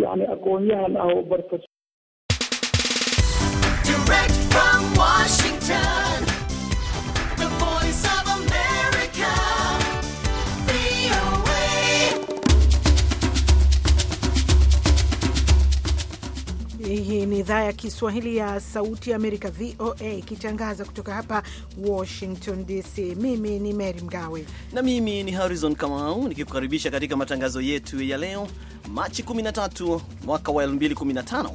yani aqoon-yahan ah oo barta ni idhaa ya Kiswahili ya Sauti ya Amerika, VOA, ikitangaza kutoka hapa Washington DC. Mimi ni Mary Mgawe na mimi ni Harrison Kamau nikikukaribisha katika matangazo yetu ya leo Machi 13 mwaka wa 2015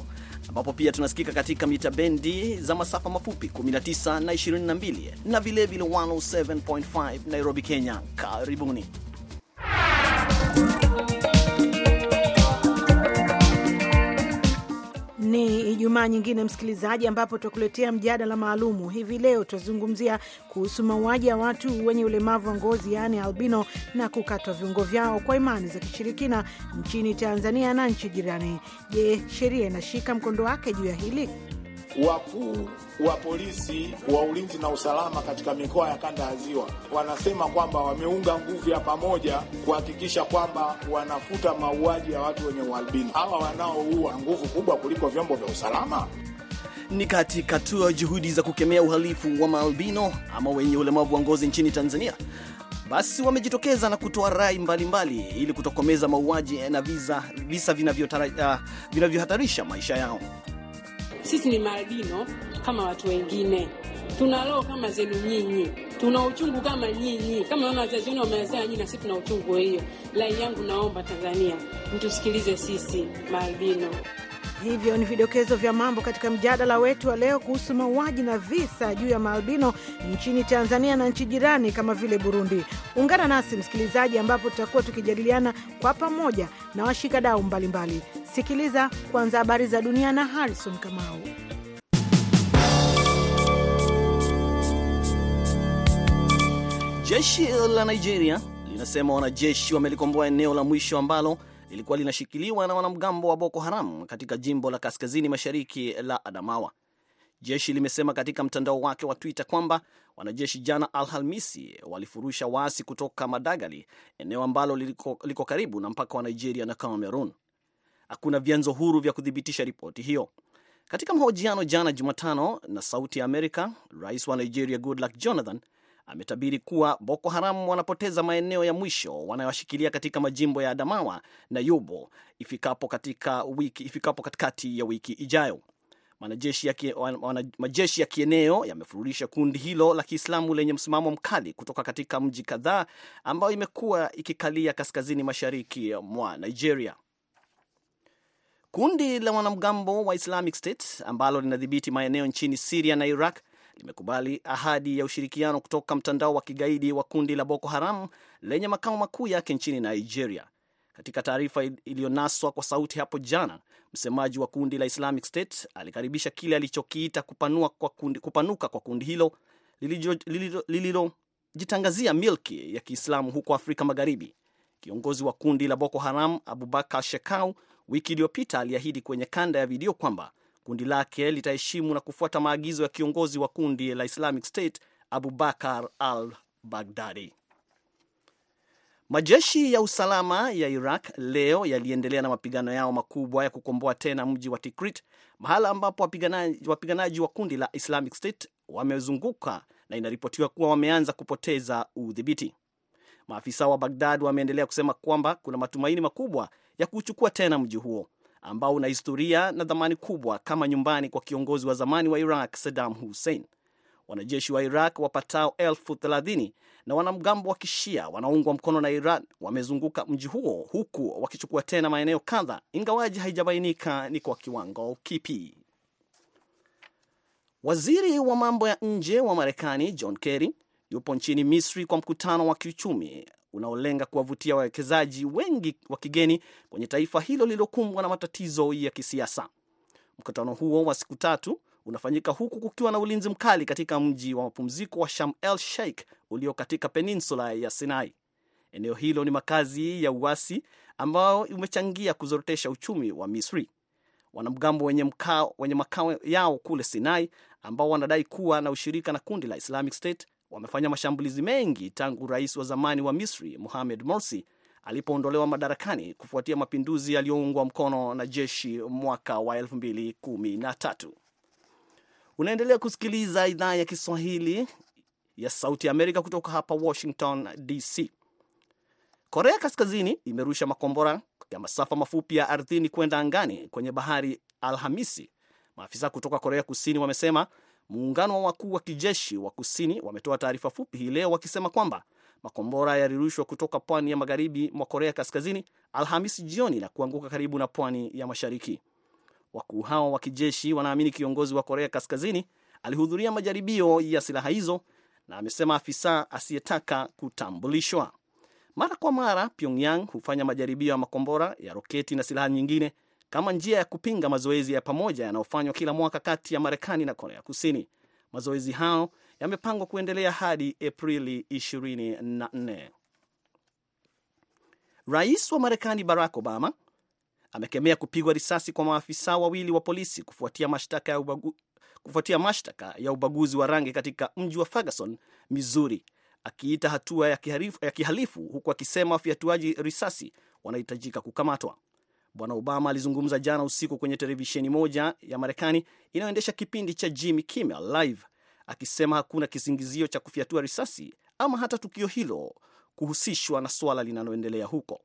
ambapo pia tunasikika katika mita bendi za masafa mafupi 19 na 22 na vilevile 107.5 Nairobi, Kenya. Karibuni Ni Ijumaa nyingine msikilizaji, ambapo tutakuletea mjadala maalumu hivi leo. Tutazungumzia kuhusu mauaji ya watu wenye ulemavu wa ngozi, yaani albino, na kukatwa viungo vyao kwa imani za kishirikina nchini Tanzania na nchi jirani. Je, sheria inashika mkondo wake juu ya hili? wakuu wa polisi wa ulinzi na usalama katika mikoa ya kanda ya Ziwa wanasema kwamba wameunga nguvu ya pamoja kuhakikisha kwamba wanafuta mauaji ya watu wenye ualbino. Hawa wanaoua nguvu kubwa kuliko vyombo vya usalama. Ni katika hatua juhudi za kukemea uhalifu wa maalbino ama wenye ulemavu wa ngozi nchini Tanzania, basi wamejitokeza na kutoa rai mbalimbali ili kutokomeza mauaji na visa, ah, vinavyohatarisha uh, maisha yao. Sisi ni maalbino kama watu wengine, tuna roho kama zenu nyinyi, tuna uchungu kama nyinyi, kama naona wazazi wenu nyinyi, na sisi tuna uchungu hiyo. Rai yangu naomba Tanzania mtusikilize sisi maalbino. Hivyo ni vidokezo vya mambo katika mjadala wetu wa leo kuhusu mauaji na visa juu ya maalbino nchini Tanzania na nchi jirani kama vile Burundi. Ungana nasi msikilizaji, ambapo tutakuwa tukijadiliana kwa pamoja na washikadau mbalimbali. Sikiliza kwanza habari za dunia na Harrison Kamau. Jeshi la Nigeria linasema wanajeshi wamelikomboa eneo la mwisho ambalo lilikuwa linashikiliwa na wanamgambo wa Boko Haram katika jimbo la kaskazini mashariki la Adamawa. Jeshi limesema katika mtandao wake wa Twitter kwamba wanajeshi jana Alhamisi walifurusha waasi kutoka Madagali, eneo ambalo liko, liko karibu na mpaka wa Nigeria na Cameroon. Hakuna vyanzo huru vya kuthibitisha ripoti hiyo. Katika mahojiano jana Jumatano na Sauti ya Amerika, rais wa Nigeria Goodluck Jonathan ametabiri kuwa Boko Haram wanapoteza maeneo ya mwisho wanayoshikilia katika majimbo ya Adamawa na Yobo ifikapo katika wiki, ifikapo katikati ya wiki ijayo. Majeshi ya, kieneo yamefururisha kundi hilo la Kiislamu lenye msimamo mkali kutoka katika mji kadhaa ambayo imekuwa ikikalia kaskazini mashariki mwa Nigeria. Kundi la wanamgambo wa Islamic State ambalo linadhibiti maeneo nchini Siria na Iraq limekubali ahadi ya ushirikiano kutoka mtandao wa kigaidi wa kundi la Boko Haram lenye makao makuu yake nchini Nigeria. Katika taarifa iliyonaswa kwa sauti hapo jana, msemaji wa kundi la Islamic State alikaribisha kile alichokiita kupanua kwa kundi, kupanuka kwa kundi hilo lililojitangazia milki ya Kiislamu huko Afrika Magharibi. Kiongozi wa kundi la Boko Haram Abubakar Shekau Wiki iliyopita aliahidi kwenye kanda ya video kwamba kundi lake litaheshimu na kufuata maagizo ya kiongozi wa kundi la Islamic State Abubakar al Baghdadi. Majeshi ya usalama ya Iraq leo yaliendelea na mapigano yao makubwa ya kukomboa tena mji wa Tikrit, mahala ambapo wapiganaji, wapiganaji wa kundi la Islamic State wamezunguka na inaripotiwa kuwa wameanza kupoteza udhibiti. Maafisa wa Bagdad wameendelea kusema kwamba kuna matumaini makubwa ya kuchukua tena mji huo ambao una historia na dhamani kubwa kama nyumbani kwa kiongozi wa zamani wa Iraq Saddam Hussein. Wanajeshi wa Iraq wapatao elfu thelathini na wanamgambo wa kishia wanaungwa mkono na Iran wamezunguka mji huo huku wakichukua tena maeneo kadha, ingawaji haijabainika ni kwa kiwango kipi. Waziri wa mambo ya nje wa Marekani John Kerry yupo nchini Misri kwa mkutano wa kiuchumi unaolenga kuwavutia wawekezaji wengi wa kigeni kwenye taifa hilo lililokumbwa na matatizo ya kisiasa. Mkutano huo wa siku tatu unafanyika huku kukiwa na ulinzi mkali katika mji wa mapumziko wa Sham El Sheikh ulio katika peninsula ya Sinai. Eneo hilo ni makazi ya uasi ambao umechangia kuzorotesha uchumi wa Misri. Wanamgambo wenye, wenye makao yao kule Sinai ambao wanadai kuwa na ushirika na kundi la Islamic State wamefanya mashambulizi mengi tangu rais wa zamani wa Misri Mohamed Morsi alipoondolewa madarakani kufuatia mapinduzi yaliyoungwa mkono na jeshi mwaka wa 2013. Unaendelea kusikiliza idhaa ya Kiswahili ya Sauti ya Amerika kutoka hapa Washington DC. Korea Kaskazini imerusha makombora ya masafa mafupi ya ardhini kwenda angani kwenye bahari Alhamisi, maafisa kutoka Korea Kusini wamesema Muungano wa wakuu wa kijeshi wa kusini wametoa taarifa fupi hii leo wakisema kwamba makombora yalirushwa kutoka pwani ya magharibi mwa Korea Kaskazini Alhamisi jioni na kuanguka karibu na pwani ya mashariki. Wakuu hao wa kijeshi wanaamini kiongozi wa Korea Kaskazini alihudhuria majaribio ya silaha hizo na amesema afisa asiyetaka kutambulishwa. Mara kwa mara Pyongyang hufanya majaribio ya makombora ya roketi na silaha nyingine kama njia ya kupinga mazoezi ya pamoja yanayofanywa kila mwaka kati ya Marekani na Korea Kusini. Mazoezi hayo yamepangwa kuendelea hadi Aprili 24. Rais wa Marekani Barack Obama amekemea kupigwa risasi kwa maafisa wawili wa polisi kufuatia mashtaka ya ubagu, kufuatia mashtaka ya ubaguzi wa rangi katika mji wa Ferguson, Missouri, akiita hatua ya kihalifu, ya kihalifu huku akisema wafiatuaji risasi wanahitajika kukamatwa. Bwana Obama alizungumza jana usiku kwenye televisheni moja ya Marekani inayoendesha kipindi cha Jimmy Kimmel Live akisema hakuna kisingizio cha kufyatua risasi ama hata tukio hilo kuhusishwa na suala linaloendelea huko.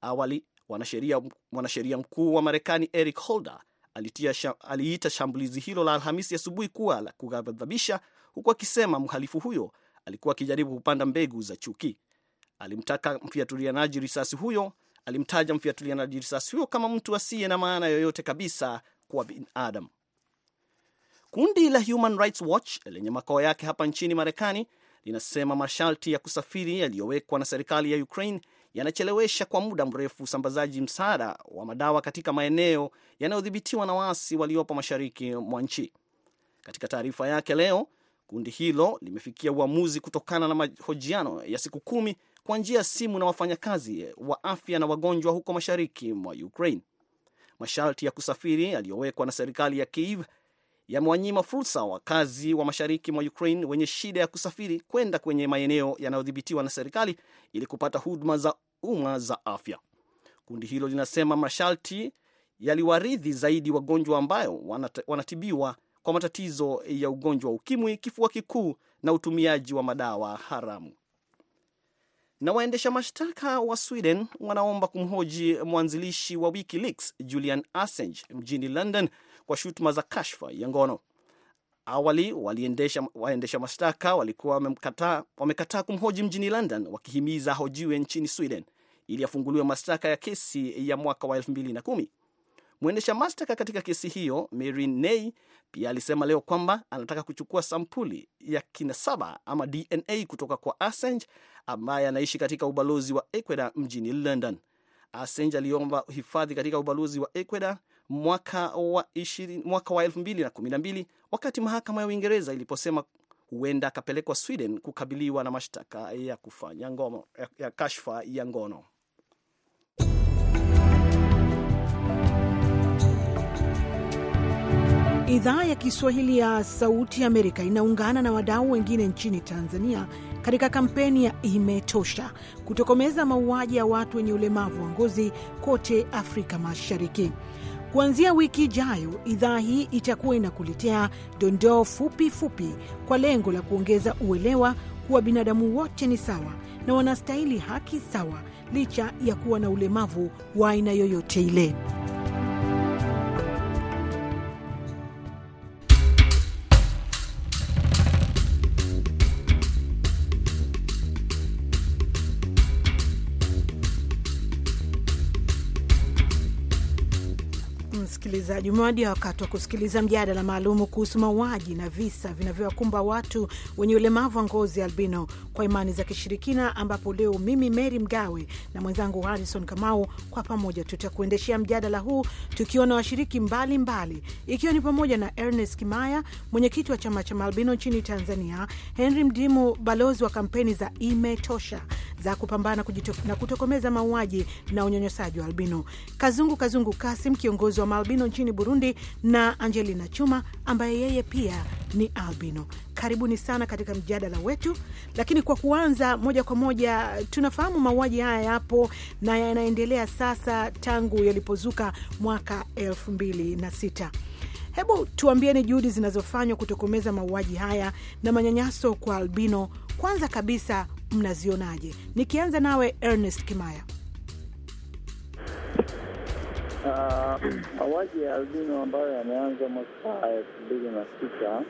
Awali mwanasheria mwanasheria mkuu wa Marekani Eric Holder alitia, aliita shambulizi hilo la Alhamisi asubuhi kuwa la kughadhabisha, huku akisema mhalifu huyo alikuwa akijaribu kupanda mbegu za chuki. Alimtaka mfiatulianaji risasi huyo alimtaja mfiatulianaji risasi huyo kama mtu asiye na maana yoyote kabisa kuwa binadamu. Kundi la Human Rights Watch lenye makao yake hapa nchini Marekani linasema masharti ya kusafiri yaliyowekwa na serikali ya Ukraine yanachelewesha kwa muda mrefu usambazaji msaada wa madawa katika maeneo yanayodhibitiwa na waasi waliopo mashariki mwa nchi. Katika taarifa yake leo, kundi hilo limefikia uamuzi kutokana na mahojiano ya siku kumi kwa njia ya simu na wafanyakazi wa afya na wagonjwa huko mashariki mwa Ukraine. Masharti ya kusafiri yaliyowekwa na serikali ya Kiev yamewanyima fursa wakazi wa mashariki mwa Ukraine wenye shida ya kusafiri kwenda kwenye maeneo yanayodhibitiwa na serikali ili kupata huduma za umma za afya. Kundi hilo linasema masharti yaliwaridhi zaidi wagonjwa ambayo wanatibiwa kwa matatizo ya ugonjwa wa ukimwi, kifua kikuu na utumiaji wa madawa haramu na waendesha mashtaka wa Sweden wanaomba kumhoji mwanzilishi wa WikiLeaks Julian Assange mjini London kwa shutuma za kashfa ya ngono. Awali waliendesha, waendesha mashtaka walikuwa wamekataa kumhoji mjini London, wakihimiza ahojiwe nchini Sweden ili afunguliwe mashtaka ya kesi ya mwaka wa 2010 Mwendesha mashtaka katika kesi hiyo Mary Ney pia alisema leo kwamba anataka kuchukua sampuli ya kinasaba ama DNA kutoka kwa Assange ambaye anaishi katika ubalozi wa Ecuador mjini London. Assange aliomba hifadhi katika ubalozi wa Ecuador mwaka wa mbili wakati mahakama ya Uingereza iliposema huenda akapelekwa Sweden kukabiliwa na mashtaka ya kufanya ngono, ya kashfa ya ngono. Idhaa ya Kiswahili ya Sauti Amerika inaungana na wadau wengine nchini Tanzania katika kampeni ya Imetosha kutokomeza mauaji ya watu wenye ulemavu wa ngozi kote Afrika Mashariki. Kuanzia wiki ijayo, idhaa hii itakuwa inakuletea dondoo fupi fupi kwa lengo la kuongeza uelewa kuwa binadamu wote ni sawa na wanastahili haki sawa licha ya kuwa na ulemavu wa aina yoyote ile. msikilizaji, umewadia wakati wa kusikiliza mjadala maalumu kuhusu mauaji na visa vinavyowakumba watu wenye ulemavu wa ngozi albino kwa imani za kishirikina, ambapo leo mimi Mary Mgawe na mwenzangu Harrison Kamau kwa pamoja tutakuendeshea mjadala huu tukiwa na washiriki mbalimbali, ikiwa ni pamoja na Ernest Kimaya, mwenyekiti wa chama cha maalbino nchini Tanzania, Henry Mdimu, balozi wa kampeni za Imetosha za kupambana na kutokomeza mauaji na unyanyasaji wa albino, Kazungu Kazungu Kasim, kiongozi wa maalbino nchini Burundi, na Angelina Chuma ambaye yeye pia ni albino. Karibuni sana katika mjadala wetu, lakini kwa kuanza moja kwa moja, tunafahamu mauaji haya yapo na yanaendelea sasa tangu yalipozuka mwaka elfu mbili na sita. Hebu tuambieni juhudi zinazofanywa kutokomeza mauaji haya na manyanyaso kwa albino, kwanza kabisa mnazionaje? Nikianza nawe Ernest Kimaya. Uh, mauaji uh, ya albino ambayo yameanza mwaka elfu mbili na sita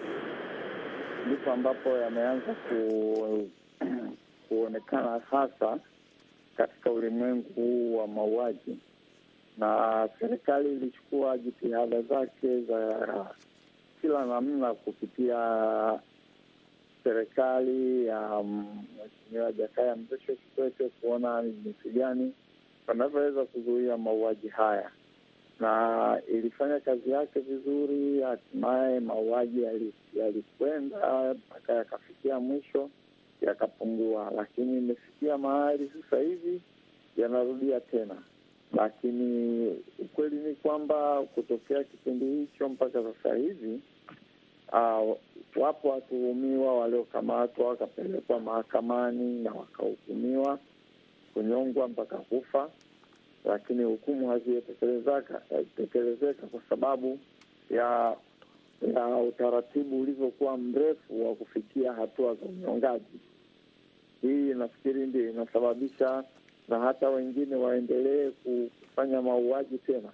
ndipo ambapo yameanza ku kuonekana hasa katika ulimwengu huu wa mauaji, na serikali ilichukua jitihada zake za kila namna kupitia serikali ya Mheshimiwa Jakaya Mrisho Kikwete kuona ni jinsi gani wanavyoweza kuzuia mauaji haya, na ilifanya kazi yake vizuri. Hatimaye mauaji yalikwenda mpaka yakafikia mwisho yakapungua, lakini imefikia mahali sasa hivi yanarudia tena. Lakini ukweli ni kwamba kutokea kipindi hicho mpaka sasa hivi uh, wapo watuhumiwa waliokamatwa wakapelekwa mahakamani na wakahukumiwa kunyongwa mpaka kufa, lakini hukumu hazijatekelezeka kwa sababu ya na utaratibu ulivyokuwa mrefu wa kufikia hatua za unyongaji. Hii nafikiri ndio inasababisha na hata wengine waendelee kufanya mauaji tena,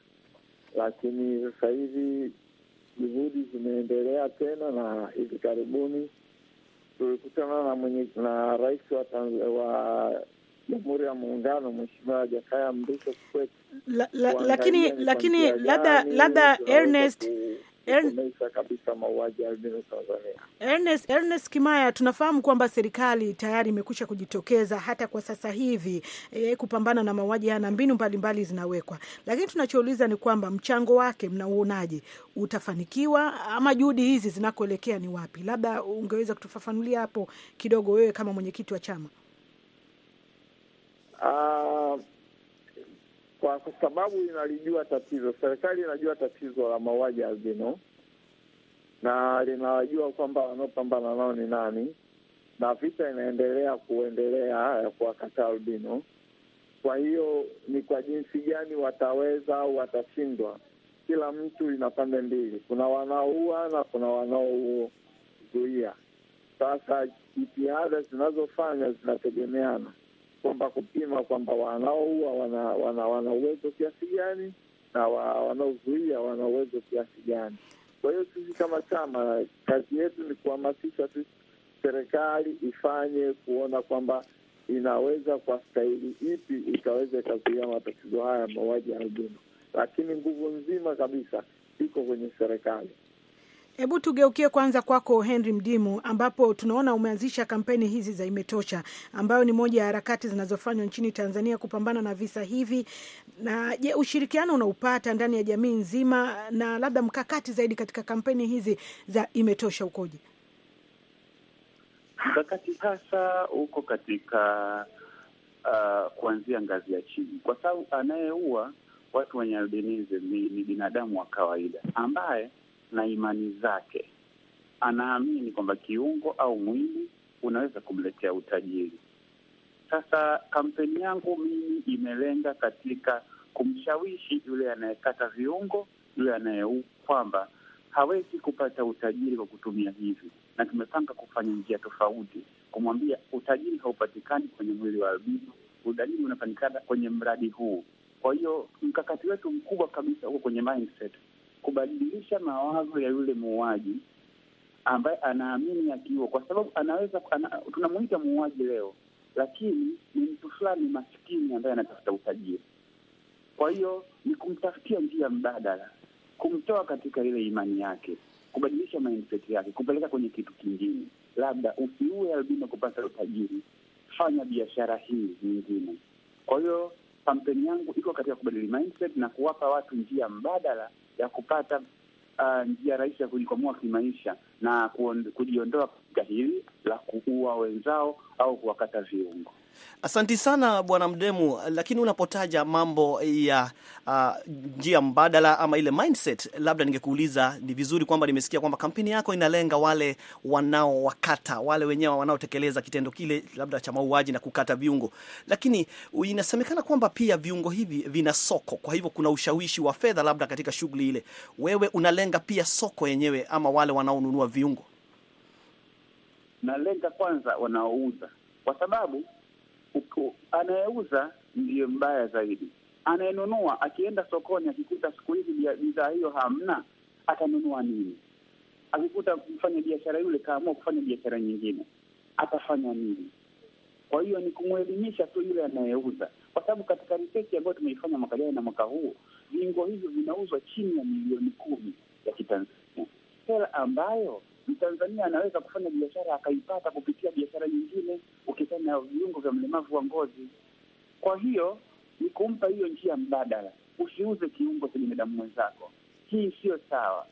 lakini sasa hivi juhudi zimeendelea tena, na hivi karibuni tulikutana na mwenye na rais wa Jamhuri ya Muungano, Mheshimiwa Jakaya Mrisho Kikwete. lakini lakini labda labda Ernest kukomesha kabisa mauaji albino Tanzania. Ernest, Ernest Kimaya, tunafahamu kwamba serikali tayari imekwisha kujitokeza hata kwa sasa hivi e, kupambana na mauaji haya na mbinu mbalimbali zinawekwa, lakini tunachouliza ni kwamba mchango wake mnauonaje, utafanikiwa ama juhudi hizi zinakoelekea ni wapi? Labda ungeweza kutufafanulia hapo kidogo, wewe kama mwenyekiti wa chama. Uh, kwa sababu inalijua tatizo, serikali inajua tatizo la mauaji ya albino na linawajua kwamba wanaopambana nao ni nani, na vita inaendelea kuendelea ya kuwakataa albino. Kwa hiyo ni kwa jinsi gani wataweza au watashindwa. Kila mtu ina pande mbili, kuna wanaoua na kuna wanaozuia. Sasa jitihada zinazofanya zinategemeana kwamba kupima kwamba wanaoua wana, wana, wana uwezo kiasi gani na wanaozuia wana uwezo kiasi gani. Kwa hiyo sisi kama chama, kazi yetu ni kuhamasisha sisi serikali ifanye kuona kwamba inaweza kwa staili ipi ikaweza ikazuia matatizo haya ya mauaji ya albino, lakini nguvu nzima kabisa iko kwenye serikali. Hebu tugeukie kwanza kwako Henry Mdimu, ambapo tunaona umeanzisha kampeni hizi za Imetosha, ambayo ni moja ya harakati zinazofanywa nchini Tanzania kupambana na visa hivi. Na je, ushirikiano unaupata ndani ya jamii nzima, na labda mkakati zaidi katika kampeni hizi za Imetosha ukoje? Mkakati sasa uko katika uh, kuanzia ngazi ya chini, kwa sababu anayeua watu wenye albinism ni, ni binadamu wa kawaida ambaye na imani zake. Anaamini kwamba kiungo au mwili unaweza kumletea utajiri. Sasa kampeni yangu mimi imelenga katika kumshawishi yule anayekata viungo, yule anayeu kwamba hawezi kupata utajiri kwa kutumia hivi, na tumepanga kufanya njia tofauti, kumwambia utajiri haupatikani kwenye mwili wa albino, utajiri unapatikana kwenye mradi huu. Kwa hiyo mkakati wetu mkubwa kabisa huko kwenye mindset kubadilisha mawazo ya yule muuaji ambaye anaamini akiwa, kwa sababu anaweza ana, tunamuita muuaji leo, lakini ni mtu fulani maskini ambaye anatafuta utajiri. Kwa hiyo ni kumtafutia njia mbadala, kumtoa katika ile imani yake, kubadilisha mindset yake, kupeleka kwenye kitu kingine. Labda usiue albino kupata utajiri, fanya biashara hii nyingine. Kwa hiyo kampeni yangu iko katika kubadili mindset na kuwapa watu njia mbadala ya kupata uh, njia rahisi ya kujikwamua kimaisha na kujiondoa katika hili la kuua wenzao au kuwakata viungo. Asanti sana Bwana Mdemu, lakini unapotaja mambo ya uh, njia mbadala ama ile mindset, labda ningekuuliza, ni vizuri kwamba nimesikia kwamba kampeni yako inalenga wale wanaowakata wale wenyewe wanaotekeleza kitendo kile labda cha mauaji na kukata viungo, lakini inasemekana kwamba pia viungo hivi vina soko, kwa hivyo kuna ushawishi wa fedha labda katika shughuli ile. Wewe unalenga pia soko yenyewe ama wale wanaonunua viungo? Nalenga kwanza wanaouza, kwa sababu anayeuza ndiyo mbaya zaidi. Anayenunua akienda sokoni akikuta siku hizi bidhaa hiyo hamna, atanunua nini? Akikuta mfanya biashara yule kaamua kufanya biashara nyingine, atafanya nini? Kwa hiyo ni kumwelimisha tu yule anayeuza, kwa sababu katika research ambayo tumeifanya mwaka jana na mwaka huu viungo hivyo vinauzwa chini ya milioni kumi ya Kitanzania, hela ambayo Mtanzania anaweza kufanya biashara akaipata kupitia biashara nyingine, ukifanya na viungo vya mlemavu wa ngozi. Kwa hiyo ni kumpa hiyo njia mbadala, usiuze kiungo cha binadamu mwenzako. Hii siyo sawa,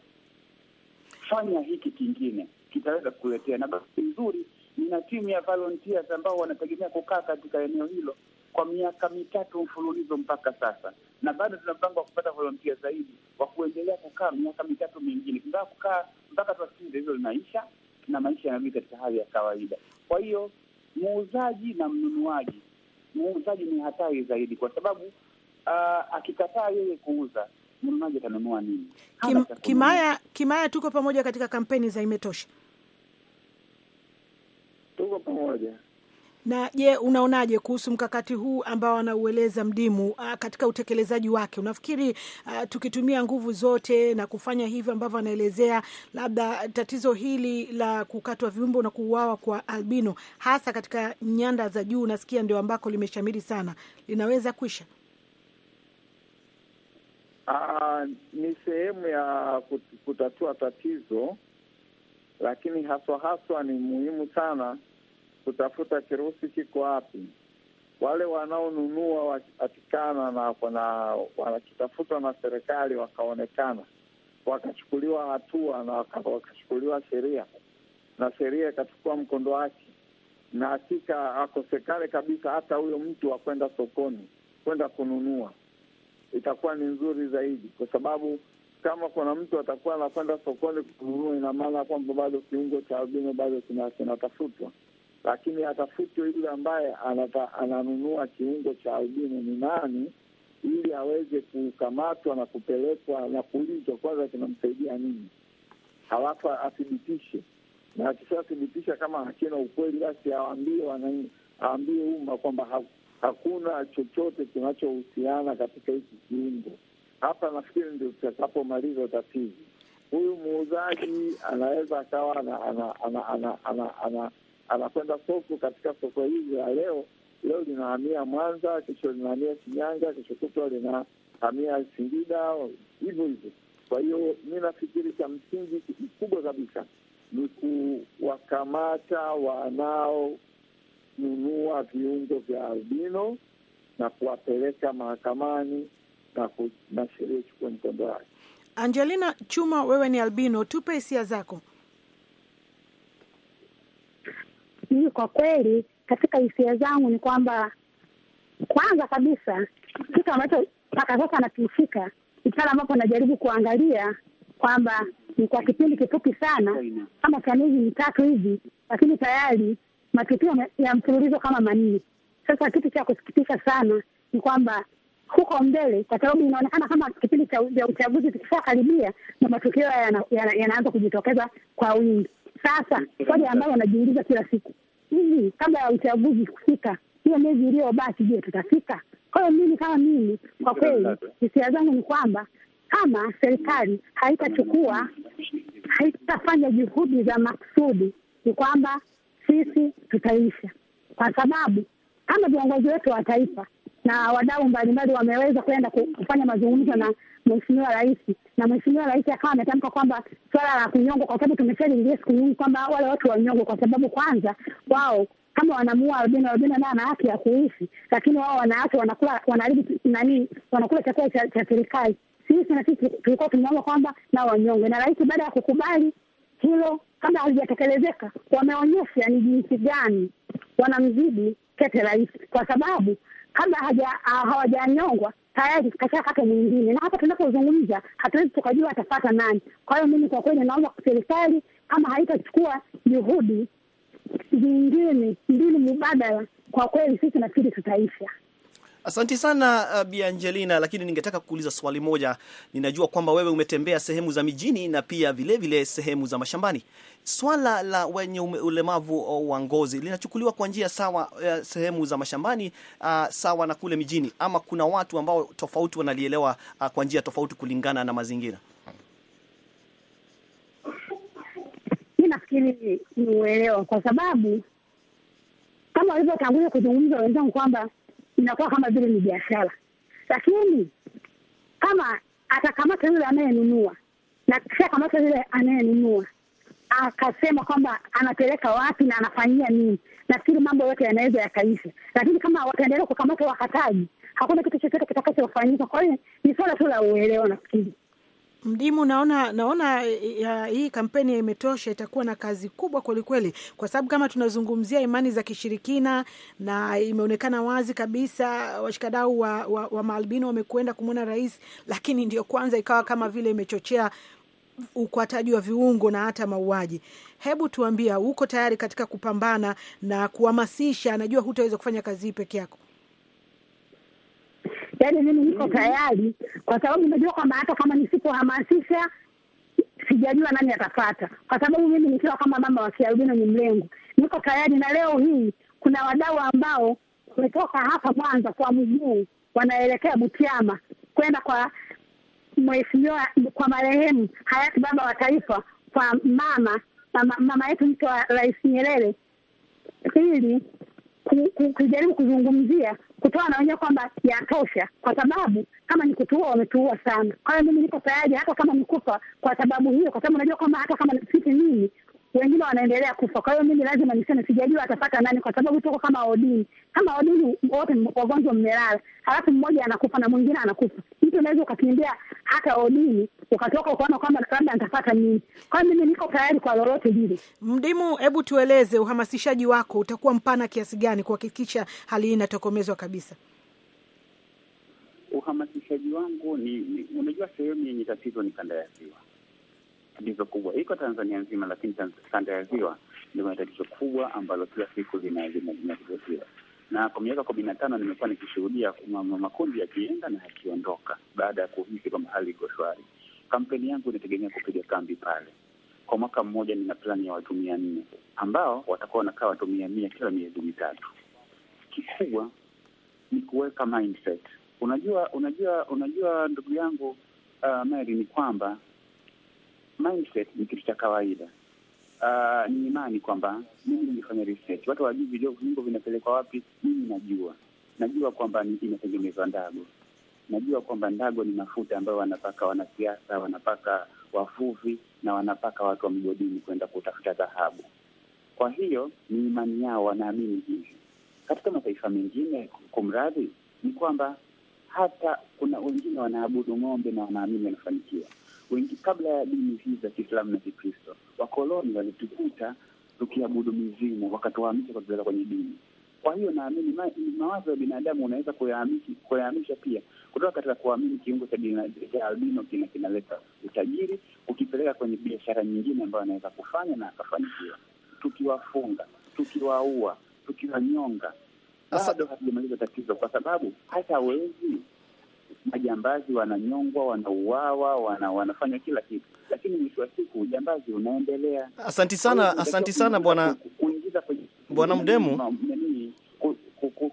fanya hiki kingine, kitaweza kukuletea. Na bahati nzuri nina timu ya volunteers ambao wanategemea kukaa katika eneo hilo kwa miaka mitatu mfululizo mpaka sasa na bado tuna mpango wa kupata volontia zaidi wa kuendelea kukaa miaka mitatu mingine, kingawa kukaa mpaka tuatiza hizo linaisha na maisha yanarudi katika hali ya kawaida. Kwa hiyo muuzaji na mnunuaji, muuzaji ni hatari zaidi, kwa sababu uh, akikataa yeye kuuza mnunuaji atanunua nini? Kim, Kimaya, Kimaya, tuko pamoja katika kampeni za Imetosha, tuko pamoja. Na je, unaonaje kuhusu mkakati huu ambao anaueleza Mdimu ah, katika utekelezaji wake? Unafikiri a, ah, tukitumia nguvu zote na kufanya hivyo ambavyo anaelezea, labda tatizo hili la kukatwa viumbo na kuuawa kwa albino, hasa katika nyanda za juu, nasikia ndio ambako limeshamiri sana, linaweza kuisha? Aa, ah, ni sehemu ya kutatua tatizo, lakini haswa haswa ni muhimu sana kutafuta kirusi kiko wapi. Wale wanaonunua wakipatikana na wanakitafutwa na serikali, wakaonekana, wakachukuliwa hatua na wakachukuliwa sheria, na sheria ikachukua mkondo wake, na hakika akosekane kabisa hata huyo mtu wa kwenda sokoni kwenda kununua, itakuwa ni nzuri zaidi, kwa sababu kama kuna mtu atakuwa anakwenda sokoni kununua, ina maana kwamba bado kiungo cha albino bado kinatafutwa kina lakini atafutwe yule ambaye anata, ananunua kiungo cha albino ni nani, ili aweze kukamatwa na kupelekwa na kuulizwa kwanza kinamsaidia nini, halafu athibitishe, na akishathibitisha kama hakina ukweli, basi awambie wanani, aambie umma kwamba hakuna chochote kinachohusiana katika hiki kiungo. Hapa nafikiri ndio tutakapomaliza tatizo. Huyu muuzaji anaweza akawa ana, ana, ana, ana, ana, ana, ana anakwenda soko katika soko hili la leo leo linahamia Mwanza, kesho linahamia Shinyanga, kesho kutwa linahamia Singida, hivyo hivyo. Kwa hiyo mi nafikiri cha msingi kikubwa kabisa ni kuwakamata wanaonunua viungo vya albino na kuwapeleka mahakamani na, na sheria ichukue mkondo wake. Angelina Chuma, wewe ni albino, tupe hisia zako. mimi kwa kweli katika hisia zangu ni kwamba kwanza kabisa kitu ambacho mpaka sasa nakihusika ni pale ambapo najaribu kuangalia kwamba ni kwa kipindi kifupi sana kama cha miezi mitatu hivi, lakini tayari matukio ya mfululizo kama manne. Sasa kitu cha kusikitisha sana ni kwamba huko mbele, kwa sababu inaonekana kama kipindi cha uchaguzi tukishakaribia, na matukio haya yanaanza kujitokeza kwa wingi. Sasa wale ambayo wanajiuliza kila siku, hivi kabla ya uchaguzi kufika, hiyo miezi iliyobaki, je, tutafika? Kwa hiyo mimi kama mimi, kwa kweli hisia zangu ni kwamba kama serikali haitachukua haitafanya juhudi za maksudi, ni kwamba sisi tutaisha, kwa sababu kama viongozi wetu wa taifa na wadau mbalimbali wameweza kwenda kufanya mazungumzo na mheshimiwa rais, na mheshimiwa rais akawa ametamka kwamba swala la kunyongwa, kwa sababu tumeshaingia siku nyingi kwamba wale watu wanyongwe, kwa sababu kwanza wao kama wanamua arobaini arobaini, naye ana haki ya kuishi, lakini wao wanawake wanakula wanaribu nani, wanakula chakula cha serikali. Sisi na sisi tulikuwa tumeomba kwamba na wanyonge, na rais baada ya kukubali hilo kama halijatekelezeka, wameonyesha ni jinsi gani wanamzidi kete rais, kwa sababu kabla hawajanyongwa tayari kasha kake mwingine, na hata tunapozungumza hatuwezi tukajua atapata nani. Kwa hiyo mimi kwa kweli naomba serikali kama haitachukua juhudi zingine mbili mubadala, kwa kweli sisi nafikiri tutaisha. Asanti sana uh, Bi Angelina, lakini ningetaka kuuliza swali moja. Ninajua kwamba wewe umetembea sehemu za mijini na pia vilevile vile sehemu za mashambani. Swala la wenye ulemavu wa ngozi linachukuliwa kwa njia sawa uh, sehemu za mashambani uh, sawa na kule mijini, ama kuna watu ambao tofauti wanalielewa uh, kwa njia tofauti kulingana na mazingira? Mi nafikiri niuelewa, kwa sababu kama walivyotangulia kuzungumza wenzangu kwamba inakuwa kama vile ni biashara, lakini kama atakamata yule anayenunua na kisha kamata yule anayenunua akasema kwamba anapeleka wapi na anafanyia nini, nafikiri mambo yote yanaweza yakaisha. Lakini kama wataendelea kukamata wakataji, hakuna kitu chochote kitakachofanyika. Kwa hiyo ni swala tu la uelewa, nafikiri. Mdimu, naona naona eh, ya, hii kampeni imetosha, itakuwa na kazi kubwa kwelikweli, kwa sababu kama tunazungumzia imani za kishirikina, na imeonekana wazi kabisa washikadau wa, wa, wa maalbino wamekwenda kumwona rais, lakini ndio kwanza ikawa kama vile imechochea ukwataji wa viungo na hata mauaji. Hebu tuambia, uko tayari katika kupambana na kuhamasisha? Najua hutaweza kufanya kazi hii peke yako yani mimi niko mhm. tayari, kwa sababu najua kwamba hata kama nisipohamasisha sijajua nani atapata, kwa sababu mimi nikiwa kama mama wa kiarubino ni mlengo, niko tayari. Na leo hii kuna wadau ambao wametoka hapa Mwanza kwa mguu wanaelekea Butiama kwenda kwa mweshimiwa kwa marehemu hayati baba wa taifa, kwa mama mama, mama yetu mke wa Rais Nyerere, ili kujaribu kuzungumzia kutoa anaonyesha kwamba yatosha, kwa sababu kama ni kutuua wametuua sana. Kwa hiyo mimi niko tayari hata kama nikufa kwa sababu hiyo, kwa sababu unajua kwamba hata kama sisi mimi wengine wanaendelea kufa. Kwa hiyo mimi lazima niseme, sijajua atapata nani, kwa sababu tuko kama odini. Kama odini wote wagonjwa mmelala, halafu mmoja anakufa na mwingine anakufa. Mtu unaweza ukakimbia hata odini ukatoka ukaona kwamba labda nitapata nini. Kwa hiyo mimi niko tayari kwa lolote lile. Mdimu, hebu tueleze uhamasishaji wako utakuwa mpana kiasi gani kuhakikisha hali hii inatokomezwa kabisa? Uhamasishaji wangu ni, ni unajua sehemu yenye tatizo ni kanda ya Ziwa tatizo kubwa, iko Tanzania nzima, lakini kanda ya ziwa ndio tatizo kubwa ambalo kila siku linazungumziwa na kwa miaka kumi na tano nimekuwa nikishuhudia makundi yakienda na yakiondoka baada ya kuhisi kwamba hali iko shwari. Kampeni yangu inategemea kupiga kambi pale kwa mwaka mmoja. Nina plani ya watu mia nne ambao watakuwa wanakaa watu mia mia kila miezi mitatu. Kikubwa ni kuweka mindset. Unajua, unajua, unajua ndugu yangu uh, Mary, ni kwamba mindset ni kitu cha kawaida. Uh, ni imani kwamba mimi nilifanya research, watu wajui vyombo vinapelekwa wapi. Mimi najua, najua kwamba inatengenezwa ndago, najua kwamba ndago ni mafuta ambayo wanapaka wanasiasa, wanapaka wavuvi na wanapaka watu wa mgodini kwenda kutafuta dhahabu. Kwa hiyo ni imani yao, wanaamini hivi. Katika mataifa mengine, kumradhi, ni kwamba hata kuna wengine wanaabudu ng'ombe na wanaamini wanafanikiwa wengi kabla ya dini hizi za Kiislamu na Kikristo, wakoloni walitukuta tukiabudu mizimu, wakatuhamisha kutupeleka kwenye dini. Kwa hiyo naamini ma, mawazo ya binadamu unaweza kuyahamisha pia kutoka katika kuamini kiungo cha albino kina kinaleta utajiri, ukipeleka kwenye biashara nyingine ambayo anaweza kufanya na akafanikiwa. Tukiwafunga, tukiwaua, tukiwanyonga, bado hatujamaliza tatizo, kwa sababu hata wezi majambazi wananyongwa, wanauawa, wana, wanafanya kila kitu, lakini mwisho wa siku ujambazi unaendelea. Asanti sana, asanti sana bwana bwana Mdemu,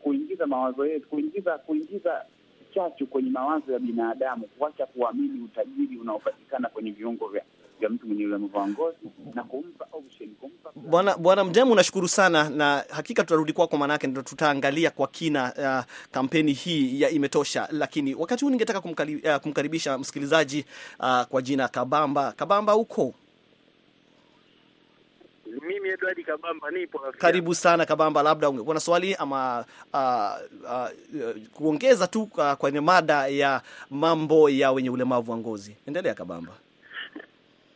kuingiza mawazo yetu, kuingiza kuingiza chachu kwenye mawazo ya binadamu, kuacha kuamini utajiri unaopatikana kwenye viungo vya ya mtu mwenye ulemavu wa ngozi na kumpa option, kumpa bwana bwana Mdemu, nashukuru sana, na hakika tutarudi kwako, maanake ndio tutaangalia kwa kina uh, kampeni hii ya imetosha. Lakini wakati huu ningetaka kumkali, uh, kumkaribisha msikilizaji uh, kwa jina Kabamba. Kabamba, uko mimi Edward Kabamba nipo. Karibu sana Kabamba, labda ungekuwa na swali ama uh, uh, uh kuongeza tu uh, kwenye mada ya mambo ya wenye ulemavu wa ngozi. Endelea Kabamba.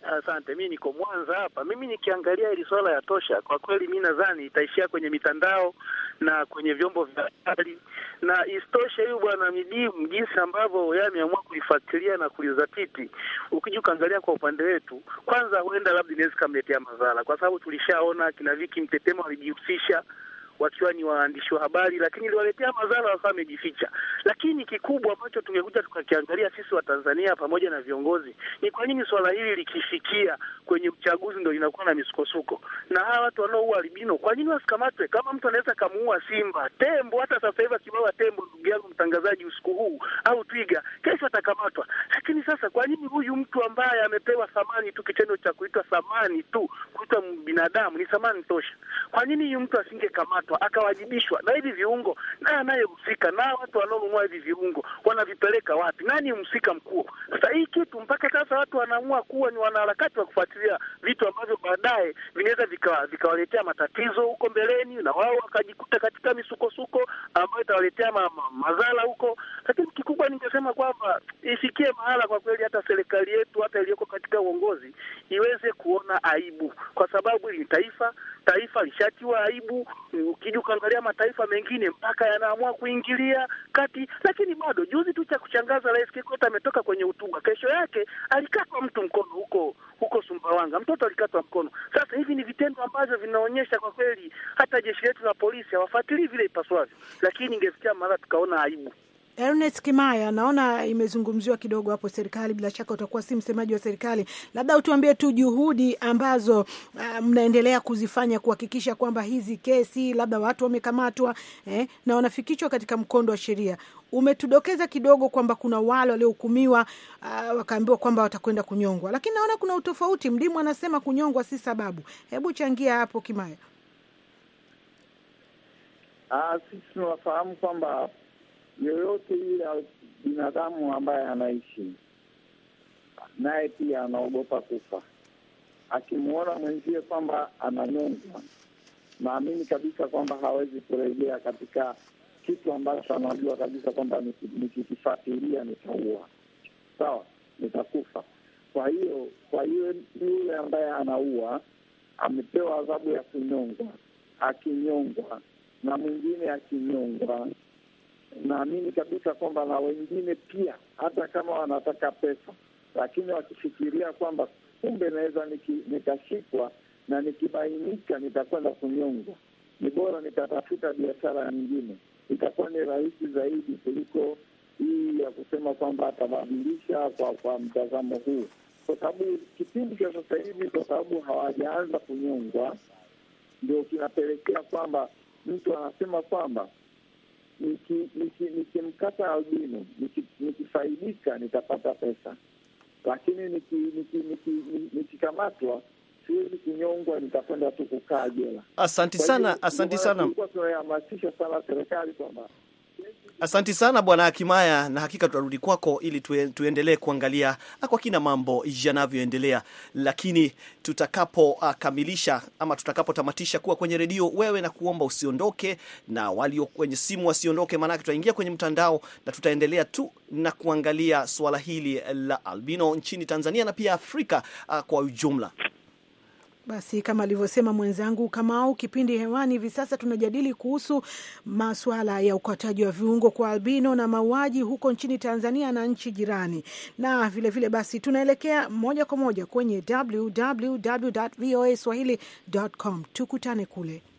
Asante. Mimi niko Mwanza hapa. Mimi nikiangalia hili swala ya tosha, kwa kweli mi nadhani itaishia kwenye mitandao na kwenye vyombo vya habari, na isitoshe huyu bwana Midimu jinsi ambavyo yeye ameamua kulifuatilia na kulizatiti, ukija ukaangalia kwa upande wetu, kwanza huenda labda inaweza kumletea madhara, kwa sababu tulishaona kina Viki Mtetemo alijihusisha wakiwa ni waandishi wa habari, lakini iliwaletea madhara, wakawa wamejificha. Lakini kikubwa ambacho tungekuja tukakiangalia sisi Watanzania pamoja na viongozi ni kwa nini swala hili likifikia kwenye uchaguzi ndo linakuwa na misukosuko, na hawa watu wanaoua albino kwa nini wasikamatwe? Kama mtu anaweza kamuua simba, tembo, hata sasa hivi akimuua tembo, ndugu yangu mtangazaji, usiku huu au twiga, kesho atakamatwa. Lakini sasa kwa nini huyu mtu ambaye amepewa thamani tu, kitendo cha kuitwa thamani tu, kuitwa binadamu ni thamani tosha, kwa nini huyu mtu asingekamatwa? hapa akawajibishwa na hivi viungo, na anayehusika na watu wanaonunua hivi viungo wanavipeleka wapi? Nani mhusika mkuu? Sasa hii kitu mpaka sasa watu wanaamua kuwa ni wanaharakati wa kufuatilia vitu ambavyo baadaye vinaweza vikawaletea vika matatizo huko mbeleni, na wao wakajikuta katika misukosuko ambayo itawaletea ma, ma, madhara huko. Lakini kikubwa ningesema kwamba ifikie mahala kwa kweli hata serikali yetu hata iliyoko katika uongozi iweze kuona aibu, kwa sababu ni taifa taifa lishatiwa aibu. Ukija ukaangalia mataifa mengine mpaka yanaamua kuingilia kati, lakini bado juzi tu cha kuchangaza, Rais Kikwete ametoka kwenye utunga, kesho yake alikatwa mtu mkono huko huko Sumbawanga, mtoto alikatwa mkono. Sasa hivi ni vitendo ambavyo vinaonyesha kwa kweli hata jeshi letu la polisi hawafuatilii vile ipaswavyo, lakini ingefikia mara tukaona aibu. Ernest Kimaya, naona imezungumziwa kidogo hapo serikali. Bila shaka utakuwa si msemaji wa serikali, labda utuambie tu juhudi ambazo uh, mnaendelea kuzifanya kuhakikisha kwamba hizi kesi labda watu wamekamatwa eh, na wanafikishwa katika mkondo wa sheria. Umetudokeza kidogo kwamba kuna wale waliohukumiwa uh, wakaambiwa kwamba watakwenda kunyongwa, lakini naona kuna utofauti. Mdimu anasema kunyongwa si sababu. Hebu changia hapo Kimaya. Ah, sisi tunafahamu kwamba yoyote ile binadamu ambaye anaishi naye pia anaogopa kufa. Akimwona mwenzie kwamba ananyongwa, naamini kabisa kwamba hawezi kurejea katika kitu ambacho anajua kabisa kwamba nikikifatilia nitaua, sawa, nitakufa. Kwa hiyo, kwa hiyo yule ambaye anaua amepewa adhabu ya kunyongwa, akinyongwa na mwingine akinyongwa naamini kabisa kwamba na wengine pia, hata kama wanataka pesa, lakini wakifikiria kwamba kumbe naweza nikashikwa na nikibainika nitakwenda kunyongwa, ni bora nikatafuta biashara nyingine, itakuwa ni rahisi zaidi kuliko hii ya kusema kwamba atabadilisha kwa kwa mtazamo huu, kwa sababu kipindi cha sasa hivi, kwa sababu hawajaanza kunyongwa, ndio kinapelekea kwamba mtu anasema kwamba nikimkata albino nikifaidika, nitapata pesa, lakini nikikamatwa siwezi kunyongwa, nitakwenda tu kukaa jela. Asanti sana, asanti sana. Tunahamasisha sana serikali kwamba Asanti sana Bwana Akimaya, na hakika tutarudi kwako ili tue, tuendelee kuangalia ah, kwa kina mambo yanavyoendelea, lakini tutakapokamilisha ah, uh, ama tutakapotamatisha kuwa kwenye redio, wewe na kuomba usiondoke, na walio kwenye simu wasiondoke, maanake tutaingia kwenye mtandao na tutaendelea tu na kuangalia suala hili la albino nchini Tanzania na pia Afrika uh, kwa ujumla. Basi kama alivyosema mwenzangu Kamau, kipindi hewani hivi sasa tunajadili kuhusu maswala ya ukataji wa viungo kwa albino na mauaji huko nchini Tanzania na nchi jirani, na vilevile vile basi tunaelekea moja kwa moja kwenye www voa swahili.com. Tukutane kule.